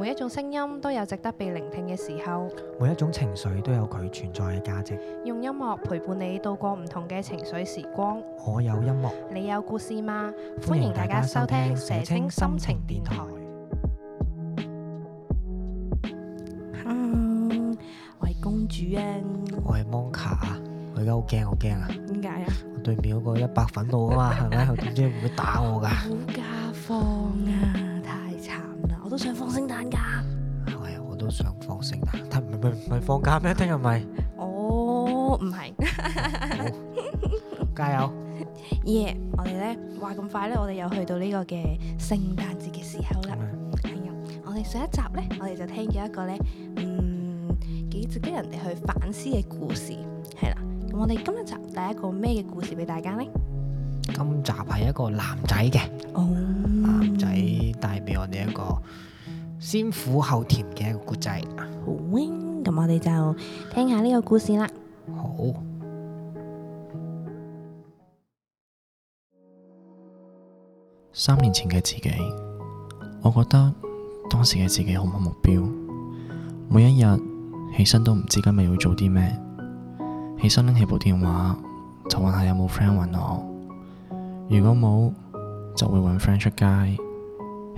每一種聲音都有值得被聆聽嘅時候，每一種情緒都有佢存在嘅價值。用音樂陪伴你度過唔同嘅情緒時光。我有音樂，你有故事嗎？歡迎大家收聽《社青心情電台》。嗯，我係公主啊！我係 Monka，我而家好驚好驚啊！點解啊？我對面嗰個一百分到啊嘛，係咪？佢點知會打我噶？好家慌啊！都想放聖誕噶，係啊！我都想放聖誕，但唔係唔係放假咩？聽日咪？哦，唔係。好，加油！耶！我哋咧話咁快咧，我哋又去到呢個嘅聖誕節嘅時候啦。係啊！我哋上一集咧，我哋就聽咗一個咧，嗯，幾值得人哋去反思嘅故事係啦。咁我哋今一集第一個咩嘅故事俾大家咧？今集係一個男仔嘅，哦，男仔。帶俾我哋一個先苦後甜嘅一個故仔。好，咁我哋就聽下呢個故事啦。好，三年前嘅自己，我覺得當時嘅自己好冇目標，每一日起身都唔知今日要做啲咩，起身拎起部電話就問下有冇 friend 搵我，如果冇就會搵 friend 出街。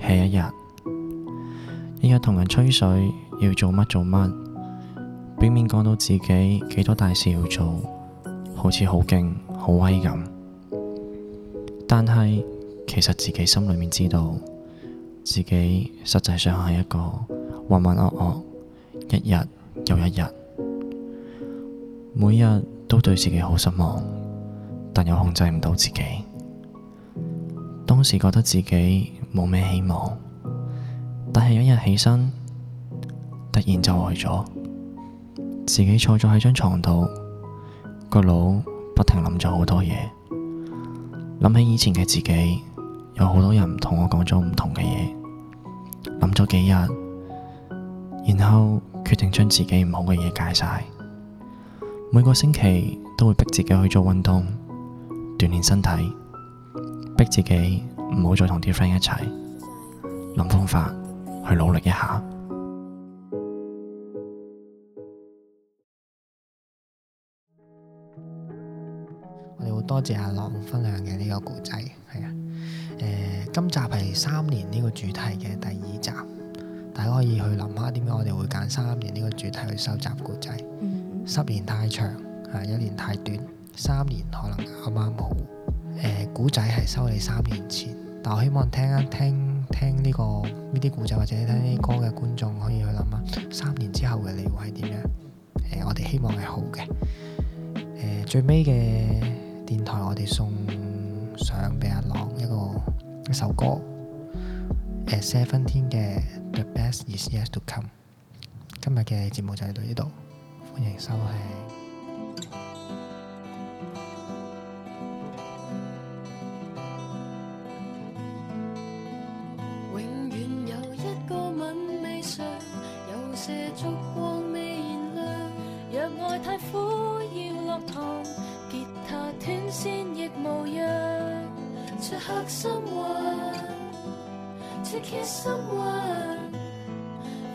係一日，日日同人吹水，要做乜做乜，表面講到自己幾多大事要做，好似好勁好威咁。但係其實自己心裏面知道，自己實際上係一個渾渾噩噩，一日又一日，每日都對自己好失望，但又控制唔到自己。當時覺得自己。冇咩希望，但係有一日起身，突然就呆咗，自己坐咗喺張床度，個腦不停諗咗好多嘢，諗起以前嘅自己，有好多人唔同我講咗唔同嘅嘢，諗咗幾日，然後決定將自己唔好嘅嘢戒晒，每個星期都會逼自己去做運動，鍛煉身體，逼自己。唔好再同啲 friend 一齊諗方法去努力一下。bur 我哋好多謝阿朗分享嘅呢個故仔，係啊、嗯。今集係三年呢個主題嘅第二集，大家可以去諗下點解我哋會揀三年呢個主題去收集故仔。十、嗯、年太長，啊，一年太短，三年可能啱啱好。誒、嗯，故仔係收你三年前。但我希望聽一聽聽呢、這個呢啲故仔或者聽啲歌嘅觀眾可以去諗啊，三年之後嘅你會係點樣？誒、呃，我哋希望係好嘅。誒、呃，最尾嘅電台我哋送上俾阿朗一個一首歌。誒，Seventeen 嘅《The Best Is Yes to Come》。今日嘅節目就到呢度，歡迎收聽。借燭光未燃亮，若愛太苦要落糖，吉他斷線亦無恙。To hug someone, to kiss someone,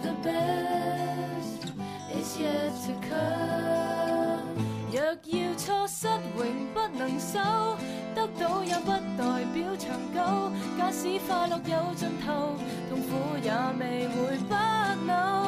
the best is yet to come。若要錯失永不能收，得到也不代表長久，假使快樂有盡頭，痛苦也未會不朽。